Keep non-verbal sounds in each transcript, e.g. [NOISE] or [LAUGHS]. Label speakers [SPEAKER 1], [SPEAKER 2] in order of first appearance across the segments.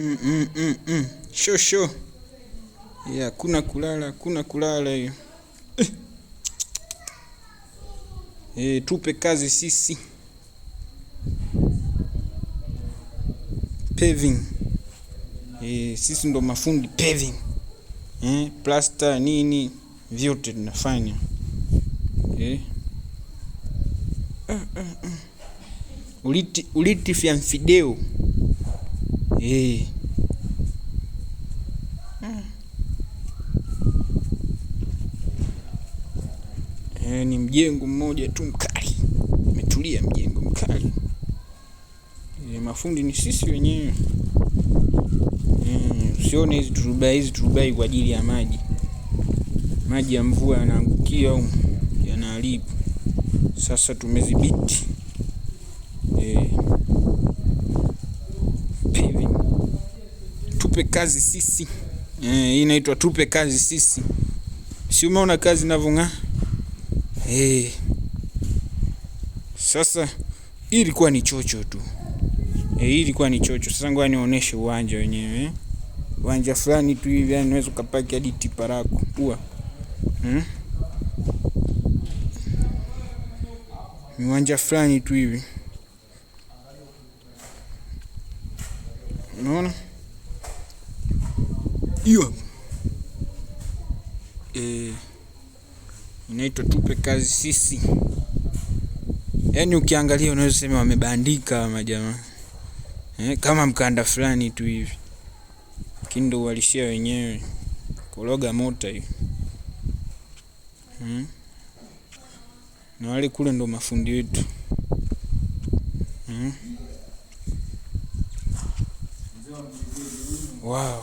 [SPEAKER 1] Mm, mm, mm, shosho ya kuna kulala, kuna kulala hiyo. Eh, tupe kazi sisi. Paving. Eh, sisi ndo mafundi paving. Eh, plaster nini vyote tunafanya. Eh. Uh, uh, Uliti uliti vya video. Hey, eh. hmm. eh, Ni mjengo mmoja tu mkali, umetulia mjengo mkali. Eh, mafundi ni sisi wenyewe. Hmm, usione hizi turubai, hizi turubai kwa ajili ya maji. Maji ya mvua yanaangukia huko, yanaharibu. Sasa tumedhibiti. tupe kazi sisi. Eh, inaitwa tupe kazi sisi. Si umeona kazi inavyong'aa? Eh. Sasa hii ilikuwa ni chocho tu. Eh, hii ilikuwa ni chocho. Sasa ngoja nionyeshe uwanja wenyewe. Uwanja fulani tu hivi, yani unaweza kupaki hadi tipa lako. Pua. Hmm? Uwanja fulani tu hivi. Unaona? Yo. e, eh, inaitwa tupe kazi sisi. Yaani ukiangalia unaweza sema wamebandika majamaa e, eh, kama mkanda fulani tu hivi, lakini ndio walishia wenyewe koroga mota hiyo hmm. Na wale kule ndo mafundi wetu hmm. Wow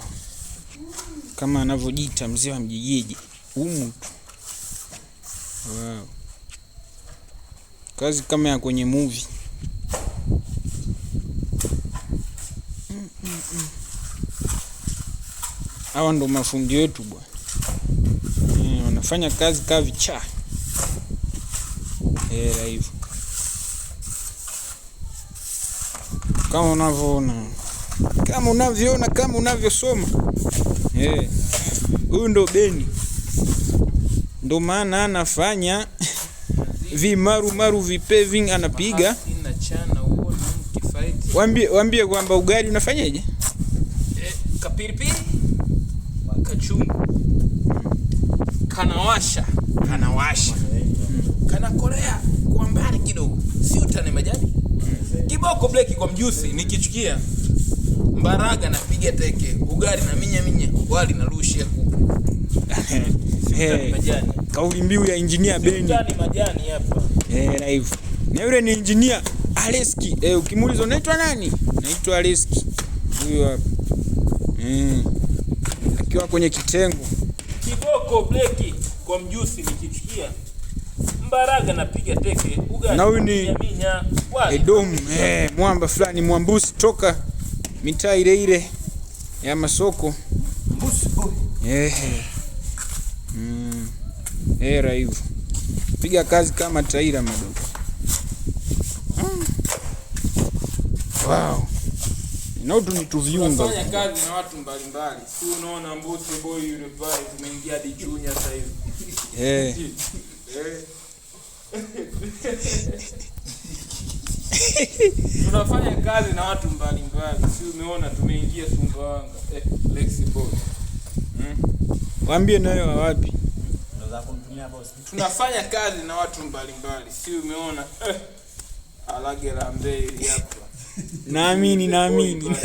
[SPEAKER 1] kama anavyojiita mzee wa mjijiji humu tu. Wow. Kazi kama ya kwenye movie. Hawa ndo mafundi wetu bwana. Hmm, wanafanya kazi kaa vicha Hela hivyo kama unavyoona, kama unavyoona, kama unavyosoma. Huyu ndo Beni, ndo maana anafanya [LAUGHS] vimarumaru vipeving anapiga wambie, wambie kwamba ugali unafanyaje?
[SPEAKER 2] Eh, kapiripiri kanawasha kanawasha hmm. kanakolea kwa mbali kidogo, si utane majani hmm. kiboko bleki kwa mjusi nikichukia mbaraga napiga teke, ugali na minya minya, wali na ya kuku. [LAUGHS] Hey,
[SPEAKER 1] kauli mbiu ya injinia Beni
[SPEAKER 2] majani hapa
[SPEAKER 1] eh, na hivyo na yule ni injinia Aleski eh, ukimuuliza unaitwa nani? Naitwa Aleski huyo hapa mm, akiwa kwenye kitengo
[SPEAKER 2] kiboko bleki kwa mjusi nikichukia mbaraga napiga teke ugali na huyu ni
[SPEAKER 1] Edomu eh, mwamba fulani mwambusi toka mitaa ile ile ya masoko yeah. Mm. Hera eh, hivyo, piga kazi kama taira madogo. Mm. Wow. Na Wow. ni tuviunga
[SPEAKER 2] fanya kazi na watu mbalimbali. Si unaona mbuti boy yule pale tumeingia di Junior sasa hivi.
[SPEAKER 1] Eh. [LAUGHS] Eh.
[SPEAKER 2] [LAUGHS] tunafanya kazi na watu mbalimbali, si umeona, tumeingia Sumbawanga eh, Lexipol
[SPEAKER 1] mm. Waambie nayo wapi
[SPEAKER 2] tunafanya kazi na watu mbalimbali, si umeona eh, alage la mbele hapa
[SPEAKER 1] naamini naamini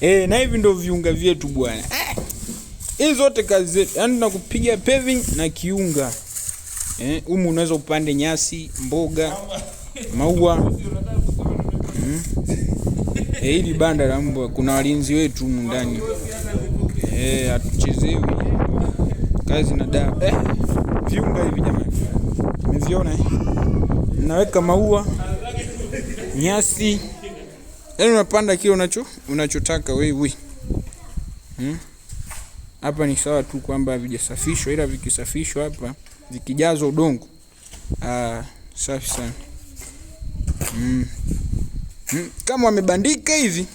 [SPEAKER 1] eh, na hivi ndio viunga vyetu bwana eh! hizi eh, zote kazi zetu yaani tunakupiga paving na kiunga eh, umu unaweza upande nyasi mboga Mama maua mm. E, hili banda la mbwa kuna walinzi wetu humu ndani e, kazi na dawa eh, vyumba hivi jamani, mmeviona eh? naweka maua, nyasi, yani unapanda kile unacho unachotaka wewe hmm? Hapa ni sawa tu kwamba havijasafishwa, ila vikisafishwa hapa vikijazwa udongo, ah, safi sana mm. Mm. Kama wamebandika hivi